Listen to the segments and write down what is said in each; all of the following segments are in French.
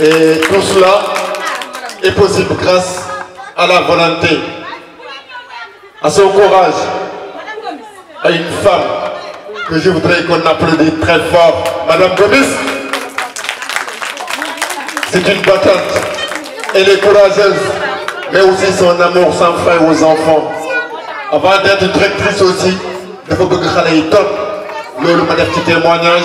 et tout cela est possible grâce à la volonté à son courage à une femme que je voudrais qu'on applaudisse très fort Madame Gomis c'est une battante elle est courageuse mais aussi son amour sans fin aux enfants avant d'être directrice aussi de bëgg Khalé Top, le Le témoignage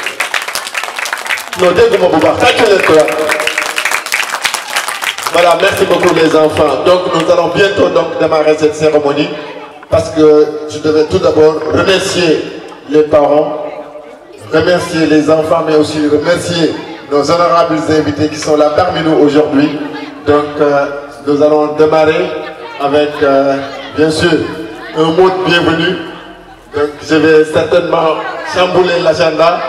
Voilà, merci beaucoup les enfants. Donc nous allons bientôt donc démarrer cette cérémonie parce que je devais tout d'abord remercier les parents, remercier les enfants, mais aussi remercier nos honorables invités qui sont là parmi nous aujourd'hui. Donc euh, nous allons démarrer avec, euh, bien sûr, un mot de bienvenue. Donc je vais certainement chambouler l'agenda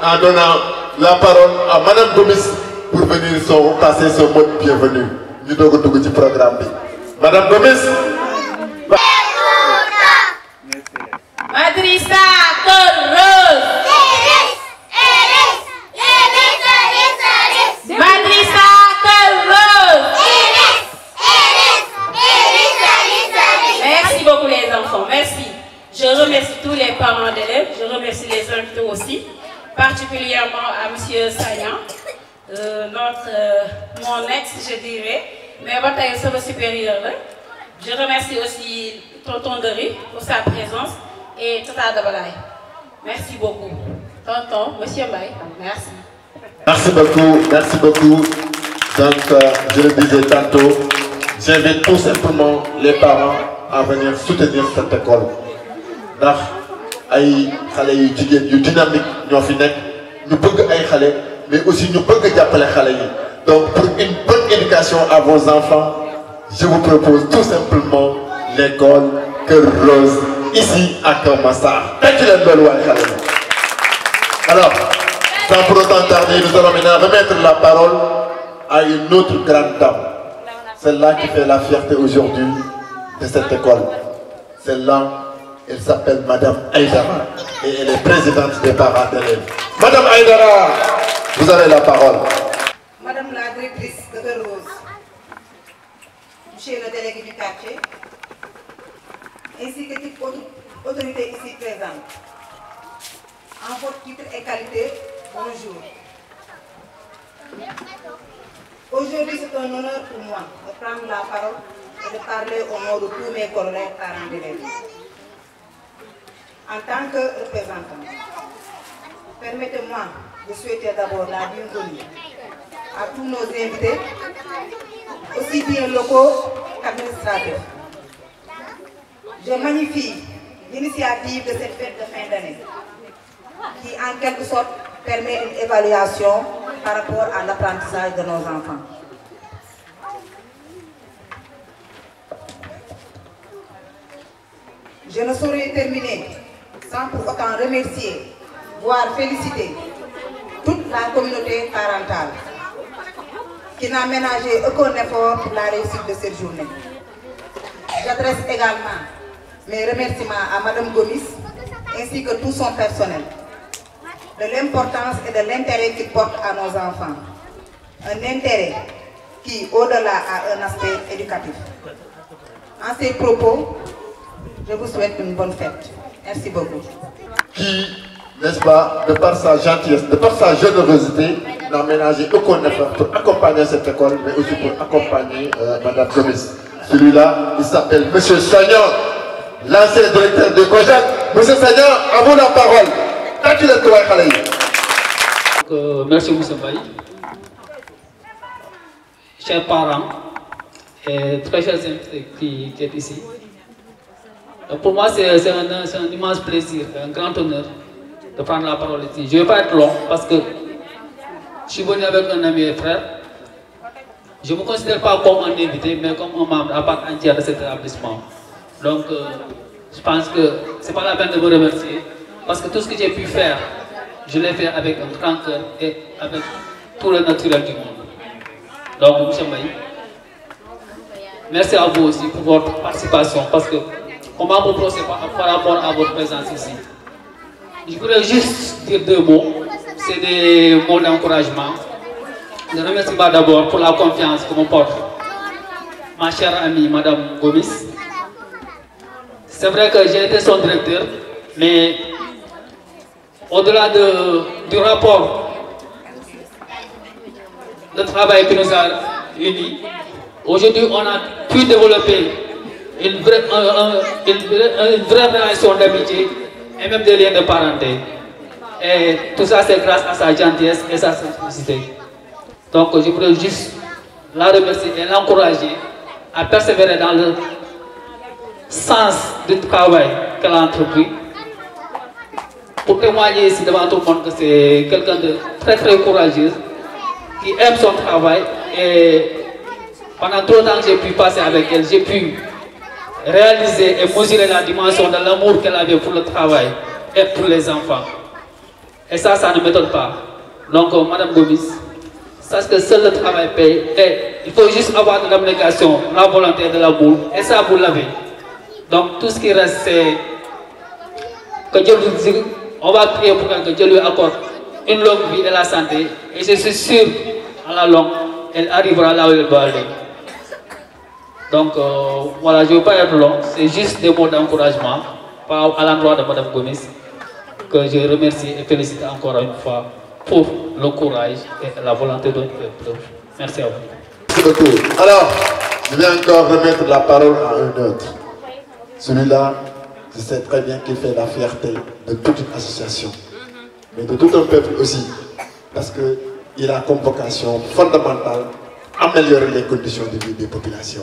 en donnant la parole à madame Gomis pour venir son passer son mot de bienvenue Nous devons tout le programme madame Gomis. Madrissa Rose. Merci beaucoup les enfants, merci. Je remercie tous les parents d'élèves, je remercie les invités aussi particulièrement à M. Sayan, euh, notre, euh, mon ex, je dirais, mais votre bon, supérieur. Je remercie aussi Tonton pour sa présence et Tata Dabalay. Merci beaucoup. Tonton, Monsieur Mbaye, merci. Merci beaucoup, merci beaucoup. Donc, euh, je le disais tantôt, j'invite tout simplement les parents à venir soutenir cette école ay xale yu dynamique nous pouvons ñu bëgg mais aussi nous pouvons jàppale donc pour une bonne éducation à vos enfants je vous propose tout simplement l'école que Rose ici à Kamassa. alors sans pour autant tarder nous allons maintenant remettre la parole à une autre grande dame celle-là qui fait la fierté aujourd'hui de cette école celle-là elle s'appelle Madame Aïdara et elle est présidente des parents d'élèves. Madame Aïdara, vous avez la parole. Madame la directrice de Rose, Monsieur le délégué du quartier, ainsi que toute autorités ici présentes, en votre titre et qualité, bonjour. Aujourd'hui, c'est un honneur pour moi de prendre la parole et de parler au nom de tous mes collègues parents d'élèves en tant que représentant. Permettez-moi de souhaiter d'abord la bienvenue à tous nos invités, aussi bien locaux qu'administrateurs. Je magnifie l'initiative de cette fête de fin d'année qui en quelque sorte permet une évaluation par rapport à l'apprentissage de nos enfants. Je ne saurais terminer pour autant remercier, voire féliciter toute la communauté parentale qui n'a ménagé aucun effort pour la réussite de cette journée. J'adresse également mes remerciements à Madame Gomis ainsi que tout son personnel de l'importance et de l'intérêt qu'il porte à nos enfants. Un intérêt qui, au-delà, a un aspect éducatif. En ces propos, je vous souhaite une bonne fête. Merci beaucoup. Qui, n'est-ce pas, de par sa gentillesse, de par sa générosité, n'a ménagé aucun effort pour accompagner cette école, mais aussi pour accompagner Mme euh, Madame Celui-là, il s'appelle Monsieur Sagnan, l'ancien directeur de Kojak. Monsieur Seigneur, à vous la parole. Euh, merci beaucoup. Baye. Chers parents et très chers invités qui, sont ici, pour moi, c'est un, immense plaisir, un grand honneur de prendre la parole ici. Je ne vais pas être long parce que je suis venu avec un ami et frère. Je ne me considère pas comme un invité, mais comme un membre à part entière de cet établissement. Donc, euh, je pense que ce n'est pas la peine de vous remercier parce que tout ce que j'ai pu faire, je l'ai fait avec un grand cœur et avec tout le naturel du monde. Donc, M. Maï, merci à vous aussi pour votre participation parce que Comment vous procédez par, rapport à votre présence ici. Je voulais juste dire deux mots. C'est des mots d'encouragement. Je remercie d'abord pour la confiance que vous porte. Ma chère amie, Madame Gomis. C'est vrai que j'ai été son directeur, mais au-delà du rapport de travail qui nous a unis, aujourd'hui on a pu développer une vraie, une, relation d'amitié et même des liens de parenté. Et tout ça, c'est grâce à sa gentillesse et sa simplicité. Donc, je voudrais juste la remercier et l'encourager à persévérer dans le sens du travail qu'elle a entrepris pour témoigner ici devant tout le monde que c'est quelqu'un de très très courageux qui aime son travail et pendant trop de temps que j'ai pu passer avec elle, j'ai pu réaliser et mesurer la dimension de l'amour qu'elle avait pour le travail et pour les enfants. Et ça, ça ne m'étonne pas. Donc, euh, Madame Gomis, sache que seul le travail paye et il faut juste avoir de l'abnégation, la volonté de l'amour et ça, vous l'avez. Donc, tout ce qui reste, c'est que Dieu vous dise, on va prier pour que Dieu lui accorde une longue vie et la santé. Et je suis sûr, à la longue, elle arrivera là où elle va aller. Donc euh, voilà, je ne veux pas être long, c'est juste des mots d'encouragement à l'endroit de Mme Gomis que je remercie et félicite encore une fois pour le courage et la volonté de notre peuple. Merci à vous. Merci beaucoup. Alors, je vais encore remettre la parole à un autre. Celui-là, je sais très bien qu'il fait la fierté de toute une association, mais de tout un peuple aussi, parce qu'il a comme vocation fondamentale améliorer les conditions de vie des populations.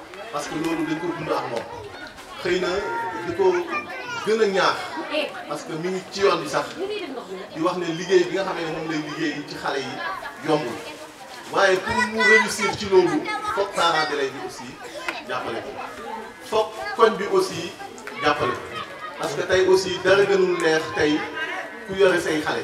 parce que loolu dañ ko dund ak moom xëy na di ko gën a ñaax parce que mi ngi ci yoon bi sax di wax ne liggéey bi nga xam ne moom lay liggéey ci xale yi yombul waaye pour mu réussir ci loolu foog parents d'élèves bi aussi jàppale ko foog koñ bi aussi jàppale ko parce que tey aussi dara gënul neex tey ku yore say xale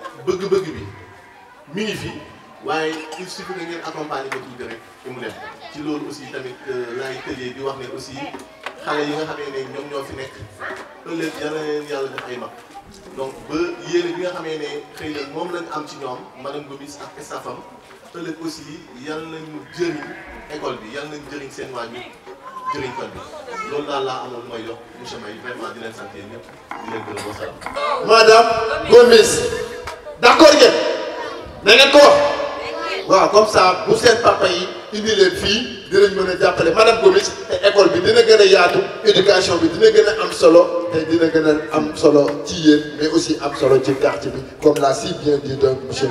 bëgg-bëgg bi mi ngi waaye il suffit que ngeen accompagner ko tuuti rek fi mu dem ci loolu aussi tamit euh, laay tëjee di wax ne aussi xale yi nga xamee ne ñoom ñoo fi nekk ëllëg yal na leen yàlla def ay mag donc ba yéene bi nga xamee ne xëy na moom lañ am ci ñoom madame Gomis ak staffam ëllëg aussi yal nañu jëriñ ecole bi yal nañu jëriñ seen waajur jëriñ kon bi loolu daal laa amoon mooy yokk monsieur May vraiment di leen sant yéen ñëpp di leen gërëm D'accord, les D'accord comme ça vous savez papa yi indi a madame Gomis école éducation il dit les il mais aussi comme l'a si bien dit donc monsieur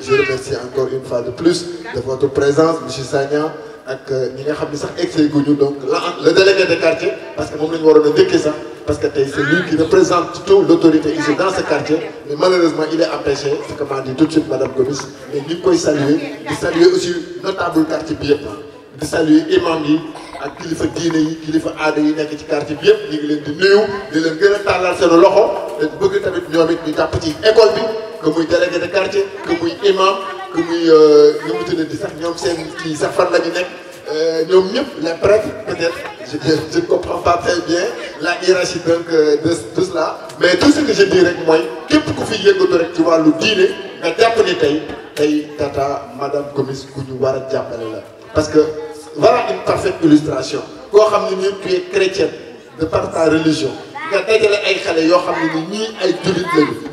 je remercie encore une fois de plus de votre présence M. Sanya, ak euh, il donc le délégué de quartier parce que nous il nous parce que c'est lui qui représente tout l'autorité ici dans ce quartier. Mais malheureusement, il est empêché, ce que m'a dit tout de suite Mme Gomis. Mais nous pouvons saluer, nous saluer aussi notable quartier Biep, nous saluer Imam ak kilifa diine yi kilifa aada yi nekk ci quartier bi yëpp ñu ngi leen di nuyu di leen gën a tàllal seen loxo te bëgg tamit ñoom it ñu jàpp ci école bi que muy délégué de quartier que muy imam que muy ñu euh, mu tuddati sax ñoom seen kii sax fan la ñu nekk. Euh, les preuves peut-être je ne comprends pas très bien la hiérarchie donc euh, de tout cela mais tout ce que je dirais rek moi képp ku fi tu vas ci nga ni madame parce que voilà une parfaite illustration Quand on chrétienne de par sa religion nga dajale ay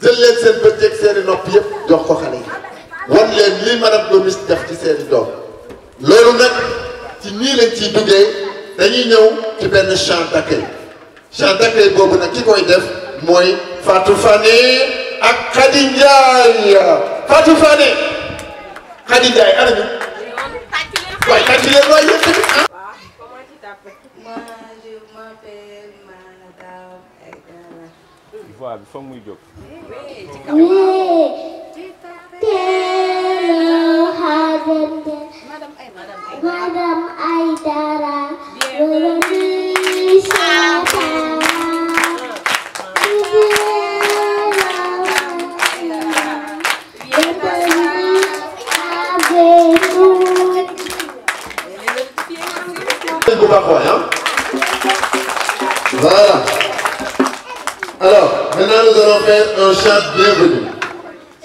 jël leen seen bët yeeg seen nopp yëpp jox ko xale yi wan leen lii madame Gomis def ci seen i doom loolu nag ci nii lañ ciy duggee dañuy ñëw ci benn champ d'accueil champ d'accueil boobu nag ki koy def mooy Fatou Fane ak Khady Ndiaye Fatou Fane Khady waaye tàcc leen waaye yéen ah. voix bi fa muy jóg.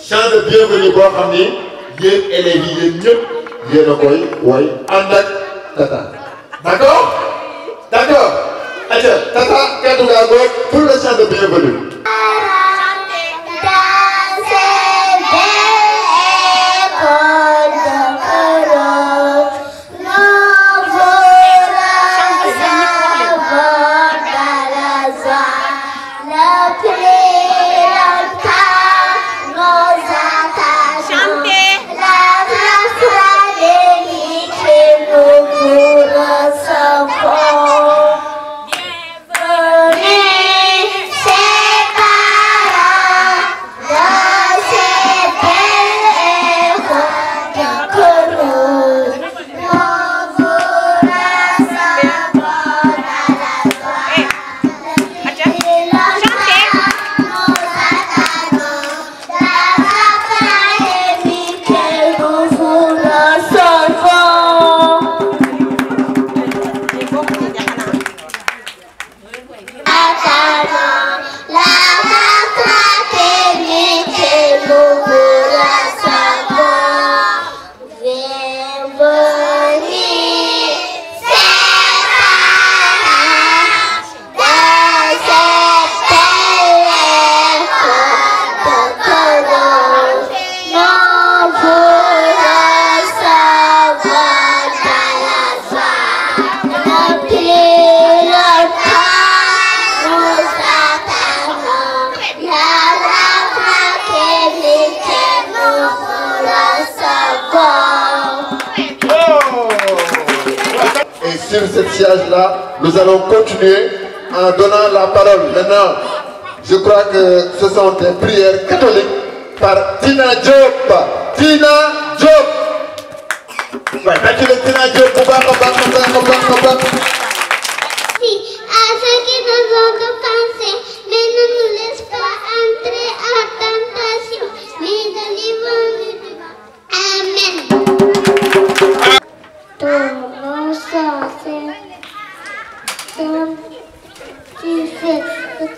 chant de bienvenue boo xam ni yéen élèves yi yéen ñëpp koy woy ànd ak Nous allons continuer en donnant la parole. Maintenant, je crois que ce sont des prières catholiques par Tina Diop. Tina Diop. Ouais, Tina Diop. Merci à ceux qui nous ont offensés, mais ne nous laisse pas entrer en tentation, mais délivre-nous du mal. Amen. monde, ça c'est...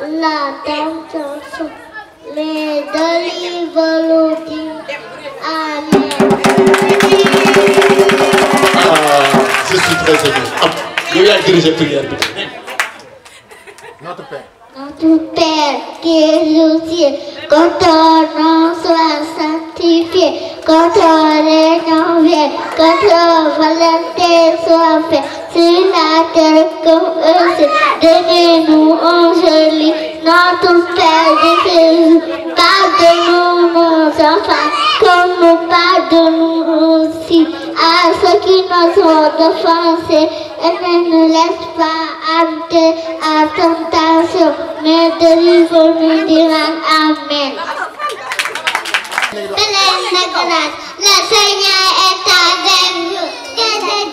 la tentation, mais délivre volonté. Amen. Ah, je suis très ah, Je Seigneur. dirige prière. Notre Père. Notre Père qui es aux cieux, quand ton nom soit sanctifié, quand ton règne vienne, quand ton volonté soit faite sur la terre comme Tenez-nous Angélique, notre Père de Jésus, pardonne-nous nos enfants, comme nous pardonnons aussi à ceux qui nous ont offensés, et ne nous laisse pas à tentation, mais de nous dira Amen. le Seigneur est avec vous.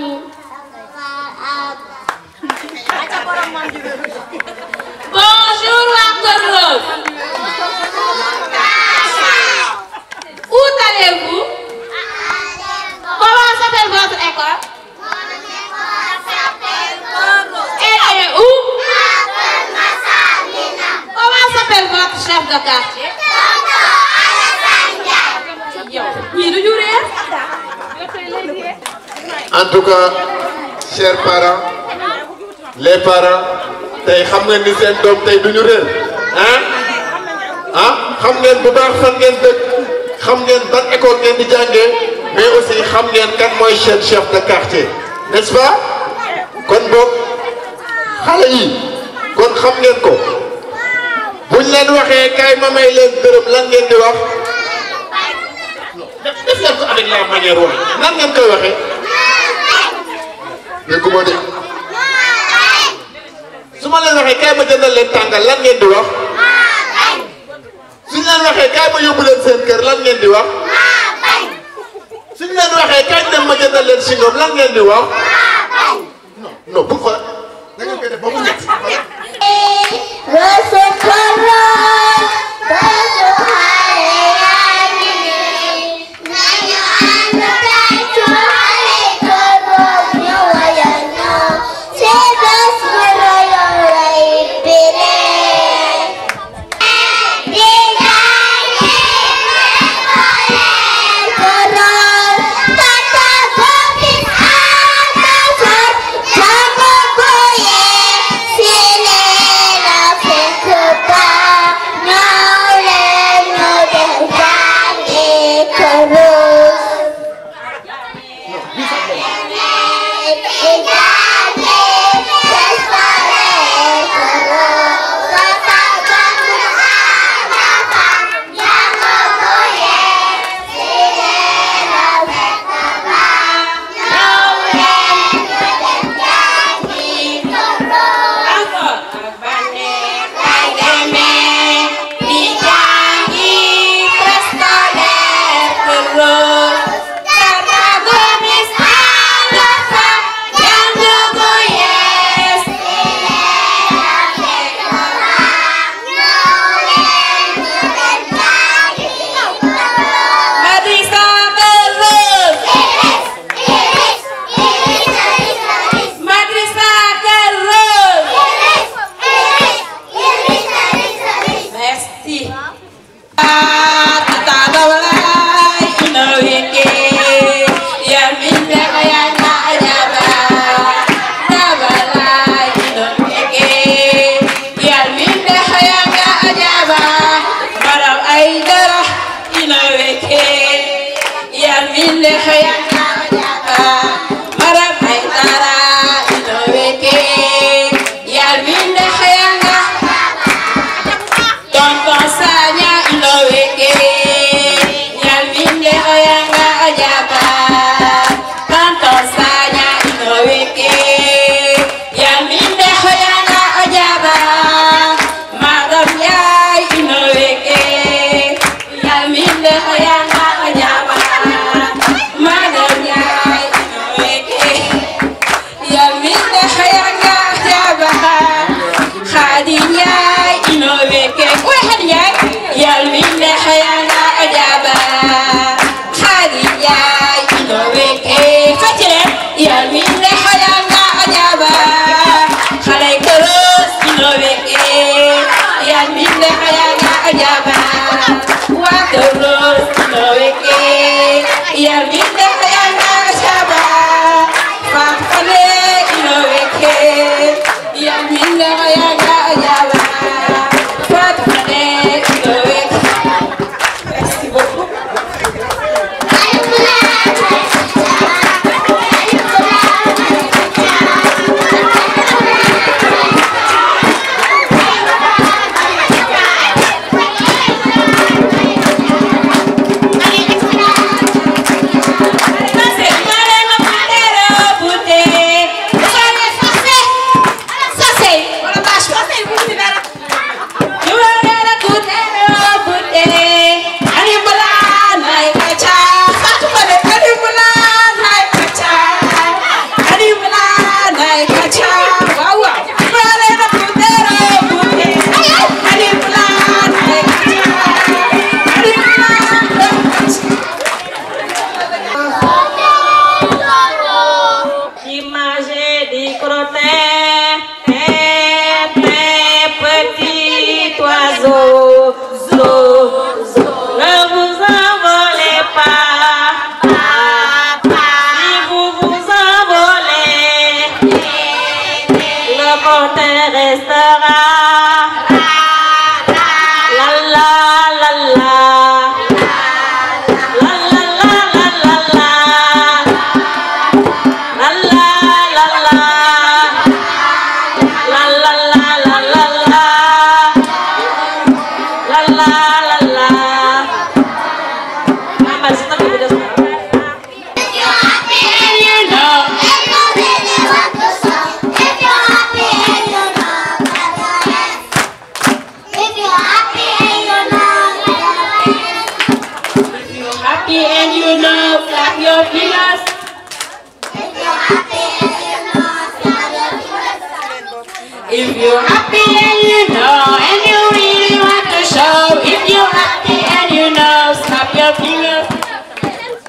Amém. en tout cas chers parents les tey xam ngeen di seen doom tey du ñu réer ah ah xam ngeen bu baax fan ngeen dëkk xam ngeen ban école ngeen di jàngee mais aussi xam ngeen kan mooy seen chef de quartier n'est-ce pas kon boog xale yi kon xam ngeen ko buñ leen waxee kay ma may leen dërëm lan ngeen di wax def ngeen ko avec déggu ma de su ma leen waxee kaay ma jëndal leen tàngal lan ngeen di wax suñ leen waxee kaay ma yóbbu leen seen kër lan ngeen di wax suñ leen waxee kaay dem ma jëndal leen si ñoom lan ngeen di wax non non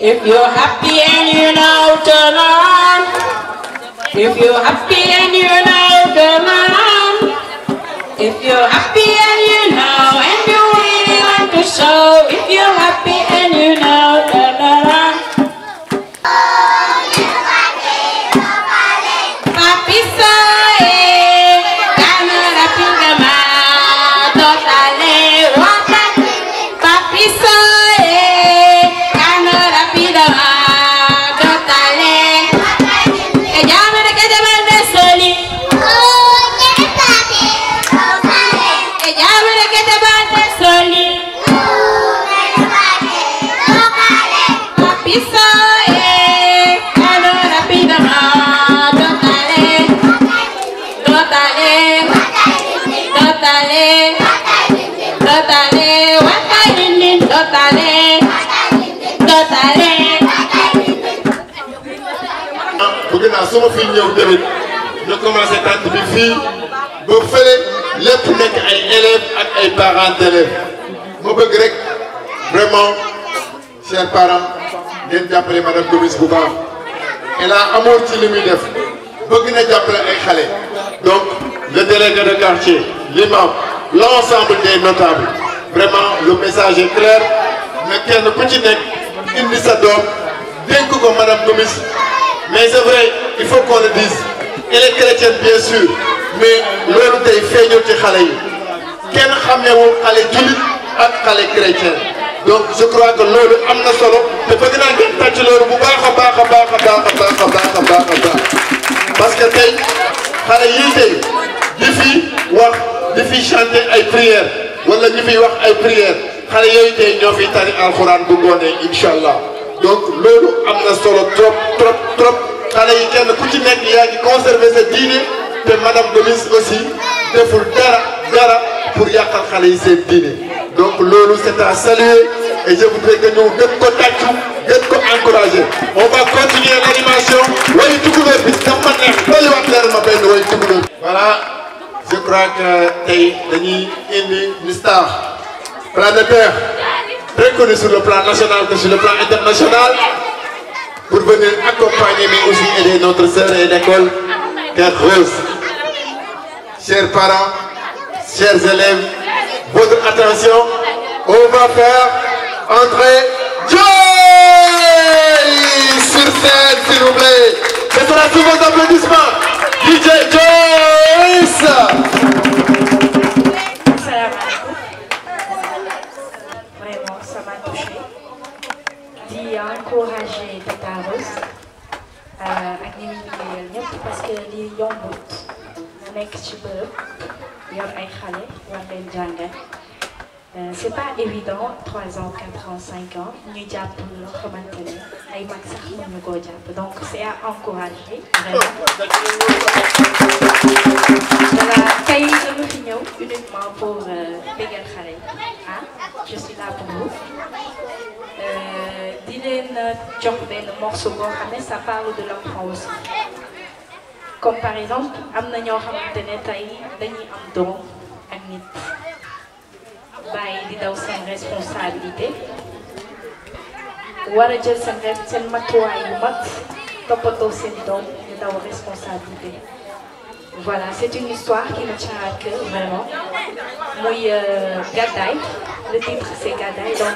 If you're happy and you know, it, If you're happy and you know, it, If you're happy pour que naa su ma fiy ñëw tamit ñu commencé tànt bi fii ba fële lépp nekk ay élèves ak ay parents d'élèves ma bëgg rek vraiment chers parents d'être jàppale madame Gomis bu elle a amour ci li def bëgg na jàppale ay donc le délégué de quartier l'imam l'ensemble des notables vraiment le message est clair na kenn petit ci nekk indi sa doom Bien ko madame Gomis mais c'est vrai il faut qu'on le dise elle est chrétienne bien sûr mais loolu tey feeñul ci xale yi kenn xamewul xale jullit ak xale chrétien donc je crois que loolu am na solo te bëgg naa ngeen tàcc loolu bu baax a baax a baax a baax a baax a baax parce que tey xale yii tey fi wax di chanter ay prières wala ñu fiy wax ay prières xale yooyu tey ñoo fiy tari alxuraan bu ngoonee incha donc loolu am solo trop trop qui a conservé sa diine te madame Gomis aussi deful dara dara pour yakal xale yi dîner donc lolu c'est à saluer et je voudrais que nous gën ko nous gën ko encourager on va continuer l'animation bi ma voilà je crois que tay dañuy indi une star planétaire très sur le plan national que sur le plan international pour venir accompagner mais aussi aider notre sœur et l'école Père Rose. Chers parents, chers élèves, votre attention, on va faire entrer Joyce sur scène s'il vous plaît. Ce sera tous vos applaudissements. DJ Joyce a encouragé et Rose à venir parce que les gens sont les gens qui sont les gens qui c'est pas évident, 3 ans, 4 ans, 5 ans, nous sommes pour le remettre. Et nous Donc, c'est à encourager. Voilà, nous finissons uniquement pour Pégal euh, Khaled. Ah, je suis là pour vous ngeen jox benn morceau boo xam ne ça parle de l'enfance comme par exemple am na ñoo xamante ne tey dañuy am doom ak nit bàyyi di daw seen responsabilité war a jël seen seen matuwaay yu mat, Topoto seen doom di daw responsabilité voilà c'est une histoire qui me tient à cœur vraiment muy euh, Gadaye le titre c'est Gadaye donc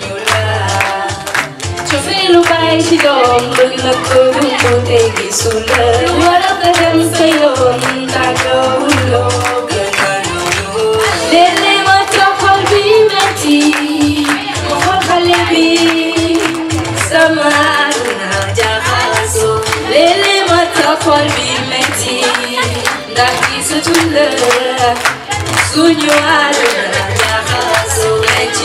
sai si dom dun na ko dun ko te gi sula wala ka say sayon ta go lo lele ma to hol bi meti ko hol khale bi sama na ja haso lele ma to hol bi meti da ki sula sunyo ala ja